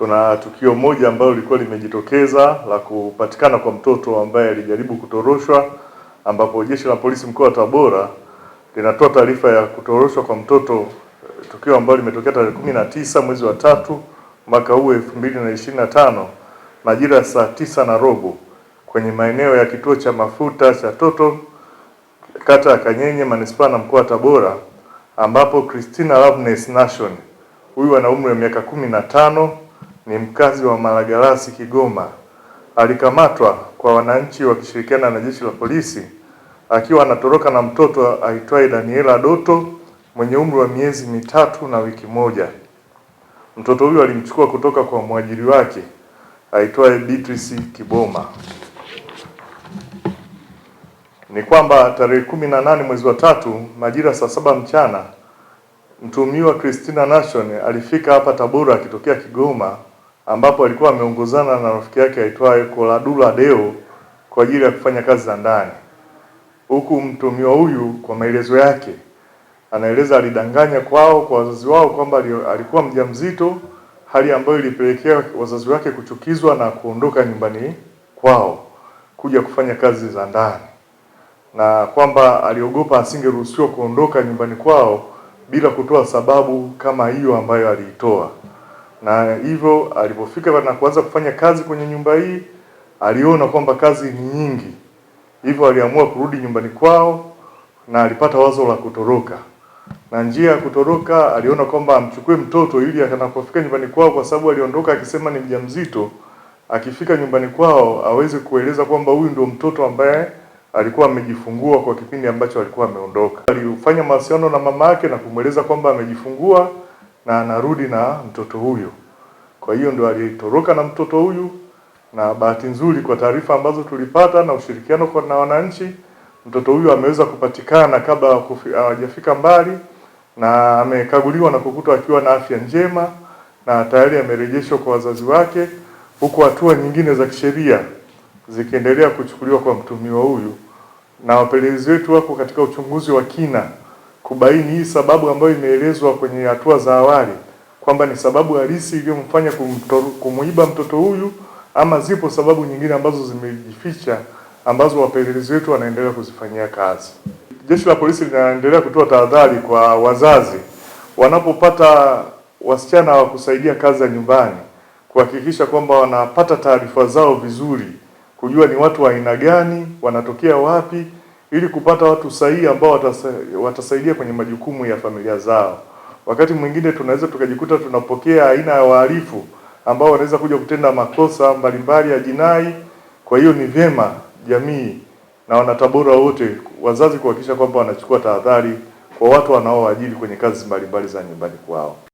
Tuna tukio moja ambalo lilikuwa limejitokeza la kupatikana kwa mtoto ambaye alijaribu kutoroshwa, ambapo jeshi la polisi mkoa wa Tabora linatoa taarifa ya kutoroshwa kwa mtoto, eh, tukio ambalo limetokea tarehe kumi na tisa mwezi wa tatu mwaka huu elfu mbili na ishirini na tano majira ya saa tisa na robo kwenye maeneo ya kituo cha mafuta cha Toto kata ya Kanyenye manispaa na mkoa wa Tabora, ambapo Christina Loveness Nation huyu ana umri wa miaka kumi na tano ni mkazi wa Malagarasi, Kigoma, alikamatwa kwa wananchi wakishirikiana na jeshi la polisi akiwa anatoroka na mtoto aitwaye Daniela Doto mwenye umri wa miezi mitatu na wiki moja. Mtoto huyo alimchukua kutoka kwa mwajiri wake aitwaye Beatrice Kiboma. Ni kwamba tarehe kumi na nane mwezi wa tatu majira saa saba mchana mtumiwa Christina Nation alifika hapa Tabora akitokea Kigoma ambapo alikuwa ameongozana na rafiki yake aitwaye Koladula Deo kwa ajili ya kufanya kazi za ndani, huku mtumiwa huyu kwa maelezo yake anaeleza alidanganya kwao kwa wazazi wao kwamba alikuwa mjamzito, hali ambayo ilipelekea wazazi wake kuchukizwa na kuondoka nyumbani kwao kuja kufanya kazi za ndani, na kwamba aliogopa asingeruhusiwa kuondoka nyumbani kwao bila kutoa sababu kama hiyo ambayo aliitoa na hivyo alipofika na kuanza kufanya kazi kwenye nyumba hii aliona kwamba kazi ni nyingi, hivyo aliamua kurudi nyumbani kwao na alipata wazo la kutoroka, na njia ya kutoroka aliona kwamba amchukue mtoto ili atakapofika nyumbani kwao, kwa sababu aliondoka akisema ni mjamzito, akifika nyumbani kwao aweze kueleza kwamba huyu ndio mtoto ambaye alikuwa amejifungua kwa kipindi ambacho alikuwa ameondoka. Alifanya mawasiliano na mama yake na kumweleza kwamba amejifungua na anarudi na mtoto huyo. Kwa hiyo ndo alitoroka na mtoto huyu, na bahati nzuri kwa taarifa ambazo tulipata na ushirikiano kwa na wananchi, mtoto huyu ameweza kupatikana kabla hawajafika mbali, na amekaguliwa na kukutwa akiwa na afya njema na tayari amerejeshwa kwa wazazi wake, huku hatua nyingine za kisheria zikiendelea kuchukuliwa kwa mtuhumiwa huyu, na wapelelezi wetu wako katika uchunguzi wa kina kubaini hii sababu ambayo imeelezwa kwenye hatua za awali kwamba ni sababu halisi iliyomfanya kumuiba mtoto huyu ama zipo sababu nyingine ambazo zimejificha ambazo wapelelezi wetu wanaendelea kuzifanyia kazi. Jeshi la polisi linaendelea kutoa tahadhari kwa wazazi wanapopata wasichana wa kusaidia kazi za nyumbani, kuhakikisha kwamba wanapata taarifa zao vizuri, kujua ni watu wa aina gani, wanatokea wapi ili kupata watu sahihi ambao watasaidia kwenye majukumu ya familia zao. Wakati mwingine tunaweza tukajikuta tunapokea aina ya wahalifu ambao wanaweza kuja kutenda makosa mbalimbali ya jinai. Kwa hiyo ni vyema jamii na wanatabora wote wazazi kuhakikisha kwamba wanachukua tahadhari kwa watu wanaowaajiri kwenye kazi mbalimbali za nyumbani kwao.